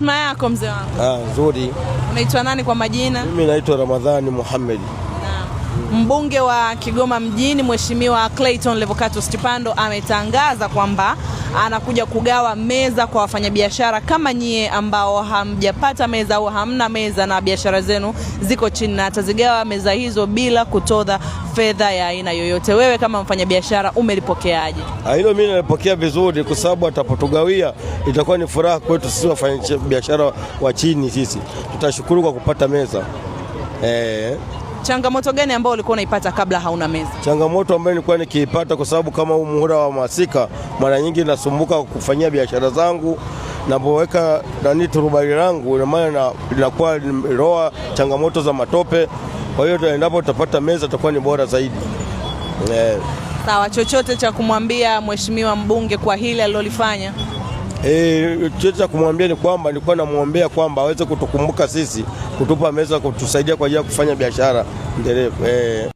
Huduma yako mzee wangu? Ah, nzuri. Unaitwa nani kwa majina? Mimi naitwa Ramadhani Muhammad. Mbunge wa Kigoma mjini Mheshimiwa Clayton Levocatus Chipando ametangaza kwamba anakuja kugawa meza kwa wafanyabiashara kama nyie ambao hamjapata meza au hamna meza na biashara zenu ziko chini, na atazigawa meza hizo bila kutodha fedha ya aina yoyote. Wewe kama mfanyabiashara umelipokeaje ah, hilo? Mimi nalipokea vizuri, kwa sababu atapotugawia itakuwa ni furaha kwetu sisi wafanyabiashara wa chini. Sisi tutashukuru kwa kupata meza eh. Changamoto gani ambayo ulikuwa unaipata kabla hauna meza? Changamoto ambayo nilikuwa nikiipata, kwa sababu kama huu muhula wa masika, mara nyingi nasumbuka kufanyia biashara zangu napoweka nani turubali langu, ina maana linakuwa roa changamoto za matope. Kwa hiyo endapo utapata meza itakuwa ni bora zaidi eh. Sawa, chochote cha kumwambia mheshimiwa mbunge kwa hili alilolifanya? E, eh, cha kumwambia ni kwamba nilikuwa namwombea kwamba aweze kutukumbuka sisi, kutupa meza, kutusaidia kwa ajili ya kufanya biashara endelevu. E. Eh.